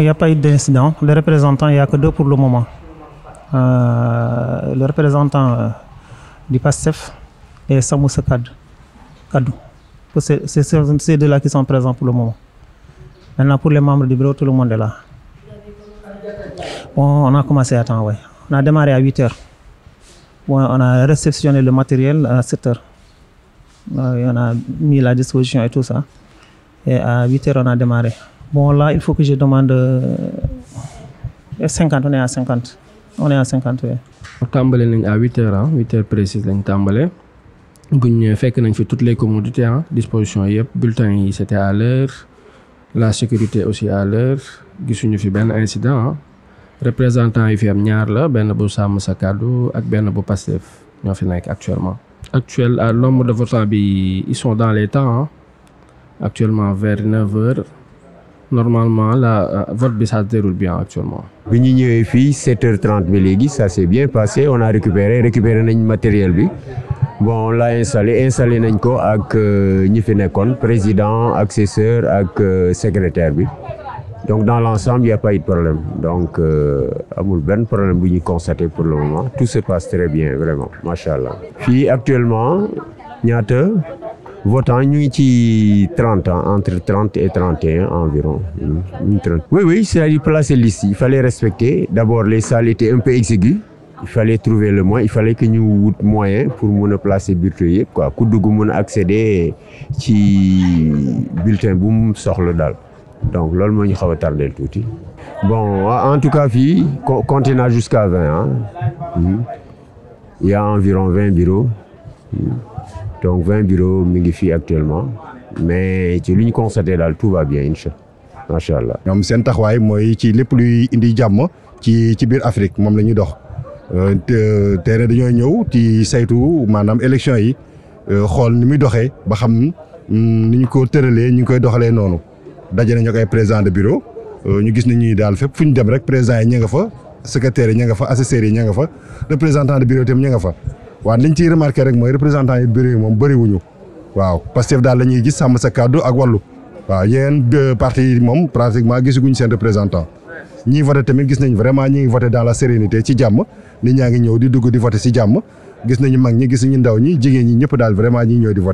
Il n'y pas eu d'incident. Le représentant, il n'y pour le moment. Euh, le représentant euh, du PASTEF et Samoussa Kadou. C'est ces deux-là qui sont pour le moment. Maintenant, pour les membres du bureau, tout le monde est là. Bon, on a commencé à temps, oui. On a démarré à 8 heures. Bon, on a réceptionné le matériel à 7 heures. on a mis la disposition et tout ça. Et à 8 heures, on a démarré. Bon, là, il faut que je demande euh, 50, on est à 50. On est à 50, oui. tàmbale nañ à huit heures ah huit heures précises lañ tàmbale buñ fekk nañ fi toutes les commodités ah disposition yëpp bulletin yi c'était à l'heure la sécurité aussi à l'heure gisuñu fi benn incident ah représentant yi fi am ñaar la benn bu sàmm sa kàddu ak benn bu Pastef ñoo fi nekk actuellement actuel à l'ombre de votre bi ils sont dans temps actuellement vers neuf heures normalement la euh, vote bi ça se déroule bien actuellement. bi ñu ñëwee fii 7h30 ba léegi ça s'est bien passé on a récupéré récupéré matériel bi bon l'a installé installé nañ ko ak euh, ñi fi nekkoon président accesseur ak euh, secrétaire bi donc dans l'ensemble il y a pas eu de problème donc amul benn problème bu ñu constaté pour le moment tout se passe très bien vraiment macha allah. actuellement ñaata. votant ñu ngi ci trente ans entre trente et trente un environ hmm. une trente. oui oui c'est-à-dire placer liste il fallait respecter d'abord les salles étaient un peu exiguës il fallait trouver le moyen il fallait que ñu wut moyen pour mun a placer bulletin yëpp quoi ku dugg mun a accéder ci bulletin bu mu soxla daal donc loolu moo ñu xaw a tardé tuuti. bon ah, en tout cas fii compté naa jusqu'à vingt ah il y a environ vingt bureaux. Hmm. donc vingt bureaux mi ngi fii actuellement mais ci lu ñu constaté daal tout va bien incha macha allah. ñoom seen taxawaay mooy ci lépp luy indi jàmm ci ci biir Afrique moom la ñuy dox euh, te tey dañoo ñëw ti saytu maanaam élection yi euh, xool ni muy doxee ba xam hmm, ni ñu ko tëralee ñu ngi koy doxalee noonu daje nañu ak ay président de bureau euh, ñu gis ne ñuy daal fépp fu ñu dem rek président yi ña fa secrétaire yi ña nga fa assesseurs yi ña nga fa représentant de bureau tam ña nga fa. waaw liñ ciy remarqué rek mooy représentant yi bureau yi moom bëriwuñu waaw Pastef daal la ñuy gis sàmm sa kàddu ak wàllu waaw yeneen deux partis yi moom pratiquement gisaguñ seen représentant ñiy voté tamit gis nañ vraiment ñi ngi voté dans la sérénité ci jàmm nit ñaa ngi ñëw di dugg di voté si jàmm gis nañu mag ñi gis nañu ndaw ñi jigéen ñi ñëpp daal vraiment ñi ñëw di voté